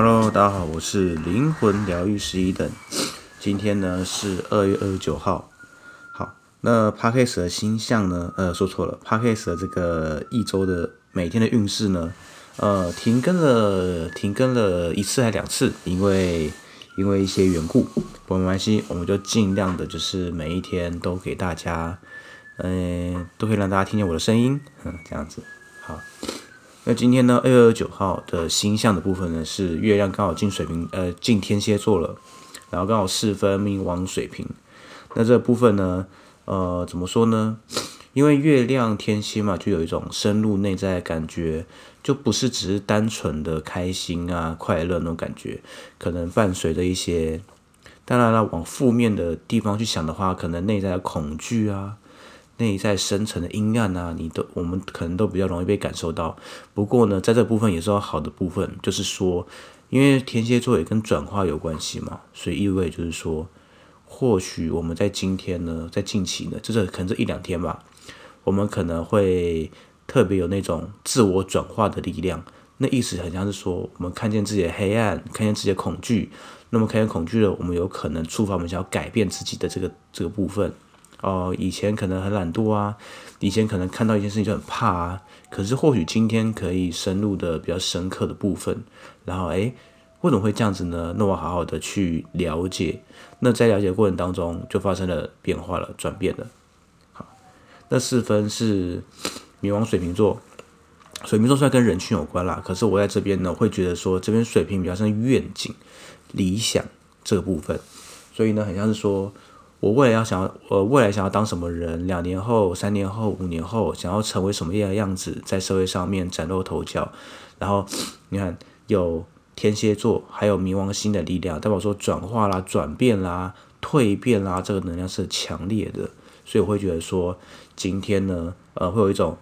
Hello，大家好，我是靈魂療癒師 Eden，今天呢是二月二十九號。好，那 Podcast 的星象呢？呃，說錯了，Podcast 的這個一周的每天的運勢呢？呃，停更了，停更了一次還兩次，因為因為一些緣故，不過沒關係，我們就儘量的就是每一天都給大家，嗯、呃，都可以讓大家聽見我的聲音，這樣子，好。那今天呢，二月二十九號的星象的部分呢，是月亮剛好進水瓶，呃，進天蠍座了，然後剛好四分冥王水瓶。那這部分呢，呃，怎麼說呢？因為月亮天蠍嘛，就有一種深入內在的感覺，就不是只是單純的開心啊、快樂的那種感覺，可能伴隨着一些，當然了，往負面的地方去想的話，可能內在的恐懼啊。內在深層的陰暗啊，你都我們可能都比較容易被感受到。不過呢，在這部分也是要好的部分，就是說，因為天蠍座也跟轉化有關係嘛，所以意味就是說，或許我們在今天呢，在近期呢，就是可能這一兩天吧，我們可能會特別有那種自我轉化的力量。那意思很像是說，我們看見自己的黑暗，看見自己的恐懼，那麼看見恐懼了，我們有可能觸發我們想要改變自己的這個這個部分。哦，以前可能很懶惰啊，以前可能看到一件事情就很怕啊，可是或許今天可以深入的比較深刻的部分，然後誒，為什麼會這樣子呢？那我好好的去了解，那在了解的過程當中就發生了變化了，轉變了。好，那四分是冥王水瓶座，水瓶座雖然跟人群有關啦，可是我在這邊呢會覺得說，這邊水瓶比較像願景、理想這個部分，所以呢，很像是說，我未來要想要，呃，未來想要當什麼人？兩年後、三年後、五年後，想要成為什麼樣的樣子，在社會上面嶄露頭角。然後，你看，有天蠍座，還有冥王星的力量，代表說轉化啦、轉變啦、蛻變啦，變啦這個能量是強烈的。所以我會覺得說，今天呢，呃，會有一種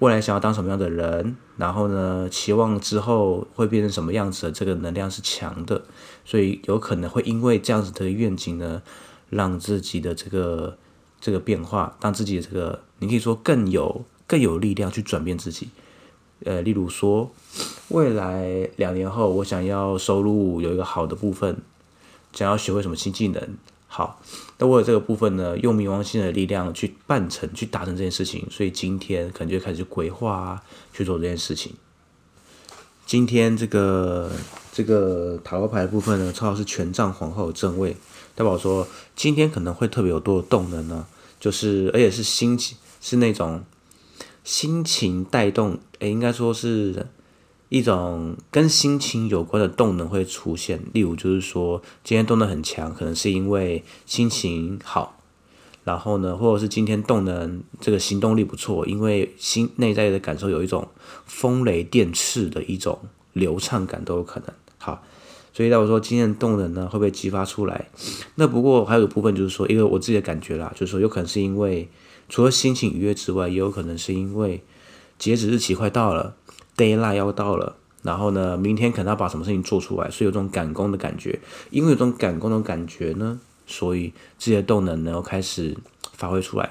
未來想要當什麼樣的人，然後呢，期望之後會變成什麼樣子的，這個能量是強的。所以有可能會因為這樣子的願景呢。讓自己的這個這個變化，讓自己的這個，你可以說更有更有力量去轉變自己。呃，例如說，未來兩年後，我想要收入有一個好的部分，想要學會什麼新技能。好，那為了這個部分呢，用冥王星的力量去辦成、去達成這件事情，所以今天可能就開始規劃啊，去做這件事情。今天這個這個塔羅牌的部分呢，恰好是權杖皇后正位。大寶說：“今天可能會特別有多的動能呢，就是而且是心情是那種心情帶動，誒，應該說是一種跟心情有關的動能會出現。例如，就是說今天動能很強，可能是因為心情好，然後呢，或者是今天動能這個行動力不錯，因為心內在的感受有一種風雷電掣的一種流暢感都有可能。好。”所以那我說今天的動能呢會被激發出來？那不過還有一部分就是說，因為我自己的感覺啦，就是說有可能是因為除了心情愉悅之外，也有可能是因為截止日期快到了 Deadline 要到了，然後呢，明天可能要把什麼事情做出來，所以有種趕工的感覺。因為有種趕工的感覺呢，所以自己的動能能夠開始發揮出來。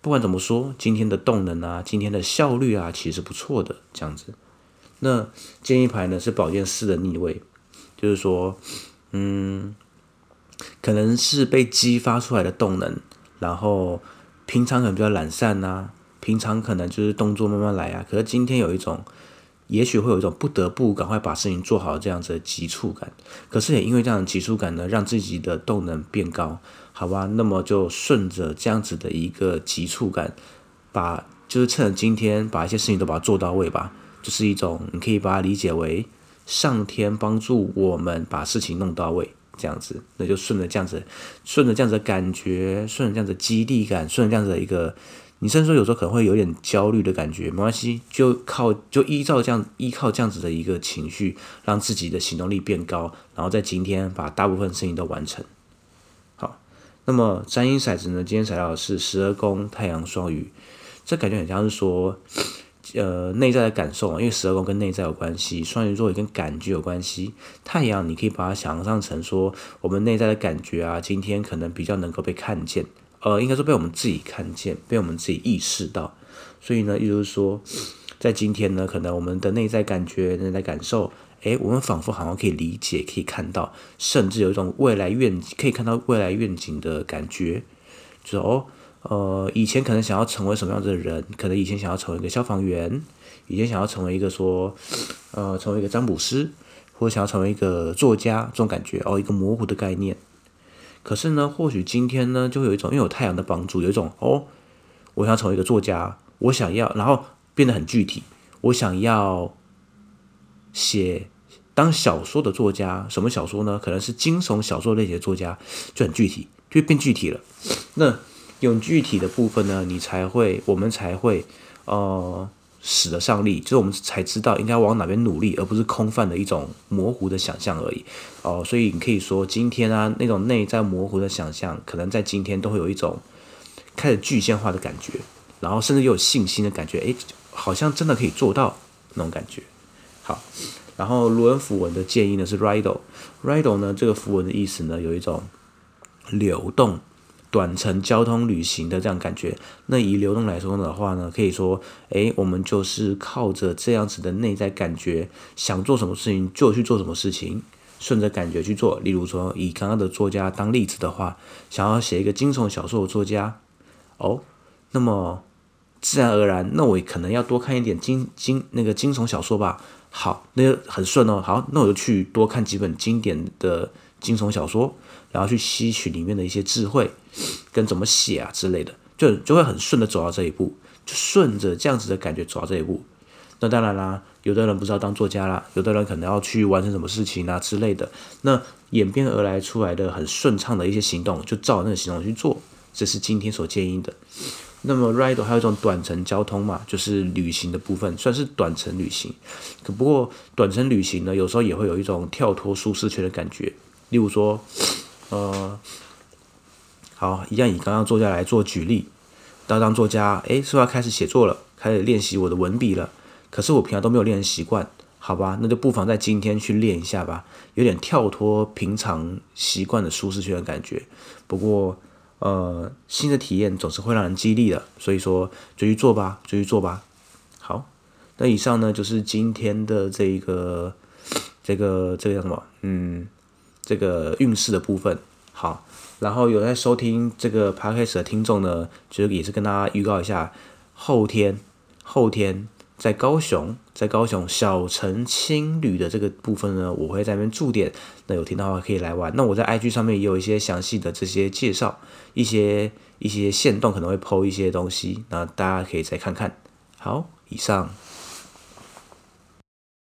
不管怎麼說，今天的動能啊，今天的效率啊，其實不錯的這樣子。那建議牌呢是寶劍四的逆位。就是說，嗯，可能是被激發出來的動能，然後平常可能比較懶散吶、啊，平常可能就是動作慢慢來啊，可是今天有一種，也許會有一種不得不趕快把事情做好這樣子的急促感，可是也因為這樣的急促感呢，讓自己的動能變高，好吧，那麼就順着這樣子的一個急促感，把就是趁今天把一些事情都把它做到位吧，就是一種你可以把它理解為。上天幫助我們把事情弄到位，這樣子，那就順着這樣子，順着這樣子的感覺，順着這樣子的激勵感，順着這樣子的一個，你甚至說有時候可能會有點焦慮的感覺，沒關係，就靠就依照這樣依靠這樣子的一個情緒，讓自己的行動力變高，然後在今天把大部分事情都完成。好，那麼占星骰子呢？今天骰到的是十二宮太陽雙魚，這感覺很像是說。呃，內在的感受啊，因為十二宮跟內在有關係，雙魚座也跟感覺有關係。太陽，你可以把它想象成說，我們內在的感覺啊，今天可能比較能夠被看見，呃，應該是被我們自己看見，被我們自己意識到。所以呢，也就是說，在今天呢，可能我們的內在感覺、內在感受，誒，我們仿佛好像可以理解、可以看到，甚至有一種未來願景，可以看到未來願景的感覺，就是哦。呃，以前可能想要成為什麼樣子的人？可能以前想要成為一個消防員，以前想要成為一個說，呃，成為一個占卜師，或者想要成為一個作家，這種感覺哦，一個模糊的概念。可是呢，或許今天呢，就會有一種，因為有太陽的幫助，有一種哦，我想成為一個作家，我想要，然後變得很具體，我想要寫當小說的作家，什麼小說呢？可能是驚悚小說類型的作家，就很具體，就變具體了。那。用具體的部分呢，你才會，我們才會，呃，使得上力，就是我們才知道應該往哪邊努力，而不是空泛的一種模糊的想象而已，哦、呃，所以你可以說今天啊，那種內在模糊的想象，可能在今天都會有一種開始具現化的感覺，然後甚至又有信心的感覺，哎，好像真的可以做到那種感覺。好，然後盧恩符文的建議呢是 Raidho，Raidho 呢這個符文的意思呢有一種流動。短程交通旅行的這樣感覺，那以流動來說的話呢，可以說，誒，我們就是靠着這樣子的內在感覺，想做什麼事情就去做什麼事情，順着感覺去做。例如說，以剛剛的作家當例子的話，想要寫一個驚悚小說的作家，哦，那麼自然而然，那我可能要多看一點驚驚那個驚悚小說吧。好，那就很順哦。好，那我就去多看幾本經典的。驚悚小說，然後去吸取裡面的一些智慧，跟怎麼寫啊之類的，就就會很順的走到這一步，就順着這樣子的感覺走到這一步。那當然啦，有的人不知道當作家啦，有的人可能要去完成什麼事情啊之類的。那演變而來出來的很順暢的一些行動，就照那個行動去做，這是今天所建議的。那麼，Raidho 還有一種短程交通嘛，就是旅行的部分，算是短程旅行。可不過，短程旅行呢，有時候也會有一種跳脫舒適圈的感覺。例如說，呃，好，一樣以剛剛作家來做舉例，當當作家，哎，是不是要開始寫作了，開始練習我的文筆了。可是我平常都沒有練習習慣，好吧，那就不妨在今天去練一下吧。有點跳脫平常習慣的舒適圈的感覺，不過，呃，新的體驗總是會讓人激勵的，所以說就去做吧，就去做吧。好，那以上呢就是今天的這一個，這個這個叫什麼，嗯。這個運勢的部分，好，然後有在收聽這個 podcast 的聽眾呢，就是也是跟大家預告一下，後天，後天在高雄，在高雄小城青旅的這個部分呢，我會在那邊駐點，那有聽到的話可以來玩，那我在 IG 上面也有一些詳細的這些介紹，一些一些限動可能會 po 一些東西，那大家可以再看看，好，以上。